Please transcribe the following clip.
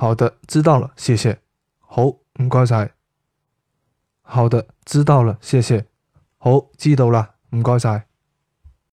好的，知道了，謝謝。好，唔該晒。好的，知道了，謝謝。好，知道啦，唔該晒。